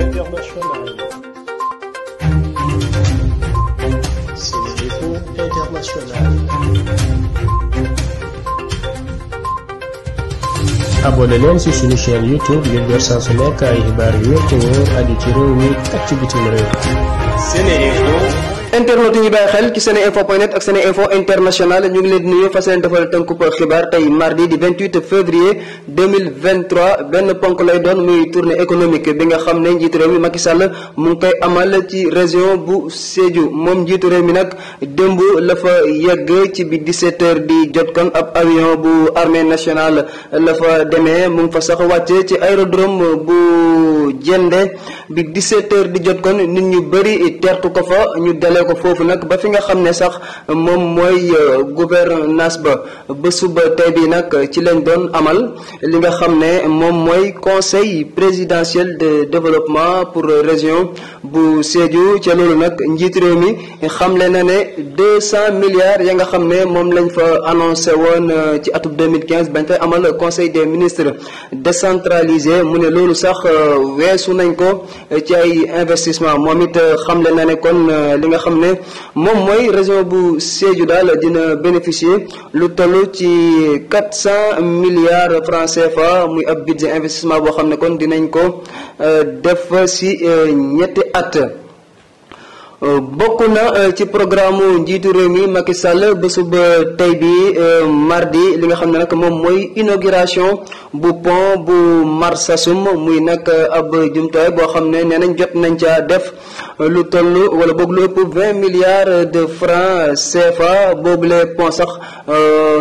internationale. C'est l'info internationale. abonné leen ci suñu chaîne YouTube ngir jot saa su nekk ay xibaar yu wér te wóor aju ci réew mi ak ci bitim réew. internet yi bàyyi xel ci sene info point net ak sene info international ñu ngi leen di nuyu fas leen defal tënkub xibaar tey mardi di février benn ponk lay doon muy tournée économique bi nga xam ne njiitu réew mi Macky Sall mu ngi koy amal ci résion bu Sédhiou moom njiitu réew mi nag démb la fa yegg ci bi 17 heures di jot kon ab avion bu armée national la fa demee mu ngi fa sax wàcce ci aérodrome bu jënde bi 17h di jot kon nit ñu bëri tertu ko fa ñu dalee ko foofu nag ba fi nga xam ne sax moom mooy euh, gouvernance ba ba suba tey bi nag ci lañ doon amal li nga xam ne moom mooy conseil présidentiel de développement pour région bu Sédhiou ca loolu nag njiit réew mi xamle na ne 200 milliards ya nga xam ne moom lañ fa annoncé woon euh, ci atum 2015 bañ fay amal conseil des ministre décentralisé mu ne loolu sax euh, weesu nañ ko eh, ci ay investissement moom it eh, xamle na ne kon eh, li nga xam ne moom mooy région bu Sédhiou daal dina bénéficier lu talu ci quatre cent milliards francs CFA muy ab budget investissement boo xam ne kon dinañ ko def si ñetti at. Euh, bokk na euh, ci programme njiitu réew mi Macky Sall bésub tey bi euh, mardi li nga xam ne nag moom mooy inauguration bu pont bu Marsassoum muy nag ab jumtuwaay boo xam ne nee nañ jot nañ ca def lu toll wala boog lu ëpp vingt milliards de francs CFA boobule sax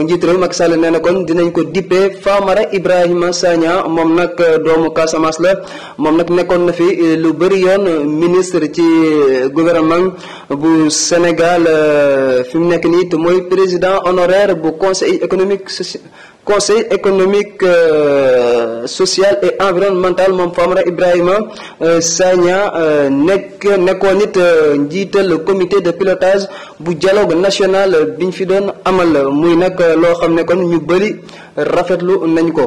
njiitu réew Macky Sall nee na kon dinañ ko dippee Famara Ibrahima Sagna moom nag doomu Casamance la moom nag nekkoon na fi lu bëri yoon ministre ci gouvernement Mang bu Sénégal euh, fi mu nekk nii te mooy président honoraire bu conseil économique conseil économique euh, social et environnemental moom Famara Ibrahima euh, Sagna nekk nekkoon it njiital comité de pilotage bu dialogue national biñ fi doon amal muy nag loo xam ne kon ñu bëri rafetlu nañ ko.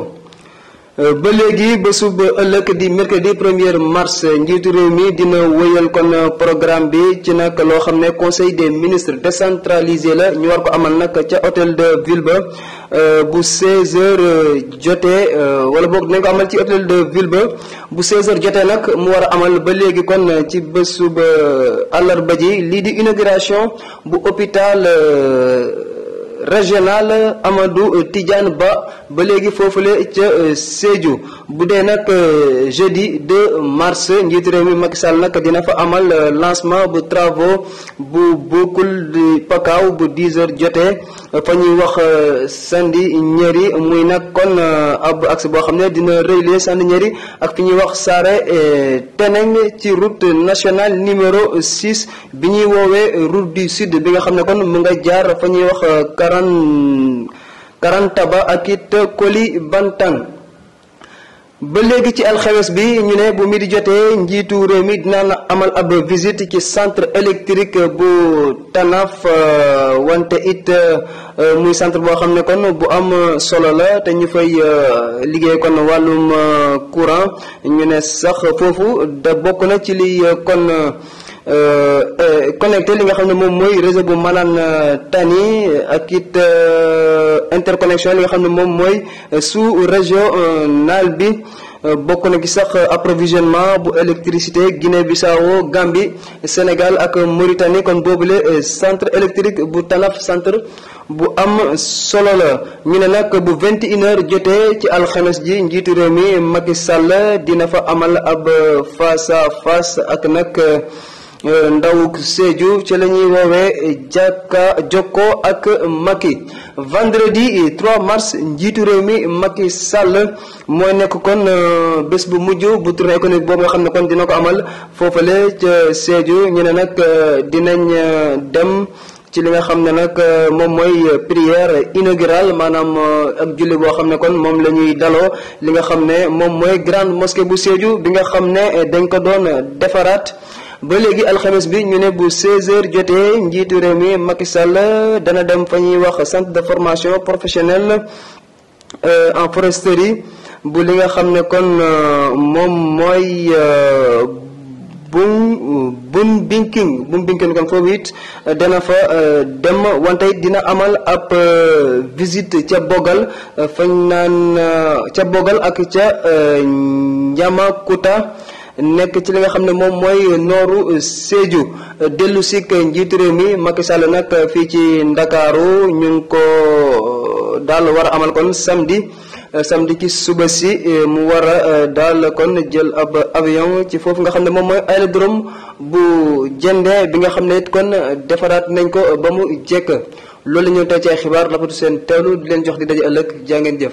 Euh, ba léegi ba suba ëllëg di mercredi premier mars njiitu réew mi dina wéyal kon programme bi ci nag loo xam ne conseil des ministres décentralisé la ñu war ko amal nag ca hôtel de ville ba euh, bu 16 heures jotee euh, wala boog dinañ ko amal ci hôtel de ville ba bu 16 heures jotee nag mu war a amal ba léegi kon ci bés suba àllarba ji lii di inauguration bu hôpital. régional Amadou Tidiane Ba ba léegi foofu foofule ca euh, Sédhiou bu dee nag euh, jeudi 2 mars njiitu réew mi Macky Sall nag dina fa amal euh, lancement bu travaux bu bokkul di pakaaw bu 10 heures jote fa ñuy wax sandi ñëri muy nag kon ab axe boo xam ne dina rëyle sandi ñëri ak fi ñuy wax saare teneng ci route nationale numéro bi ñuy woowee route du sud bi nga xam ne kon mu nga jaar fa ñuy wax karan karanta ba ak it koli bantan ba léegi ci alxames bi ñu ne bu mi jotee njiitu réew mi dinaan amal ab visite ci centre électrique bu Tanaf euh, wante it euh, muy centre boo xam ne kon bu am solo la te ñu fay euh, liggéey kon wàllum courant ñu ne sax foofu da bokk na ci li kon Euh, euh, connecté li nga xam ne moom mooy réseau bu maanaam euh, tani ak it interconnexion li nga xam ne moom mooy sous régional bi bokk na ci sax approvisionnement bu électricité Guinée Bissau Gambie Sénégal ak Mauritanie kon boobule centre électrique bu Tanaf centre bu am solo la ñu ne nag bu vingt et une jotee ci alxemes ji njiitu réew mi Macky Sall dina fa amal ab face à ak nag. Euh, ndaw Sédhiou ci la ñuy woowee jàkka jokkoo ak Macky vendredi trois mars njiitu réew mi Macky Sall moo nekk kon euh, bés bu mujj bu tournée économique boobu nga xam ne kon dina ko amal foofale ca Sédhiou ñu ne nag euh, dinañ dem ci li nga xam ne nag moom mooy prière inaugurale maanaam ak julli boo xam ne kon moom la ñuy daloo li nga xam ne moom mooy grande mosquée bu Sédhiou bi nga xam ne dañ ko doon defaraat. ba léegi alxames bi ñu ne bu 16h jotee njiitu réew mi Macky Sall dana dem fa ñuy wax centre de formation professionnelle euh, en foresterie bu li nga xam ne kon euh, moom mooy euh, bun bun binking bun binking kon foofu it dana fa dem wante dina amal ab visite ca bogal fañ naan ca bogal ak ca Njamakuta nekk ci li nga xam ne moom mooy nooru Sédhiou dellu sikk njiitu mi Macky Sall nag fii ci Ndakaaru ñu ngi ko euh, daal war a amal kon samedi euh, samedi ci suba si euh, mu war a daal kon jël ab avion ci foofu nga xam ne moom mooy aérodrome bu jënde bi nga xam ne it kon defaraat nañ ko ba mu jekk loolu ñoo ñu tey xibaar rafetlu seen teewlu di leen jox di daje ëllëg jaa ngeen jëf.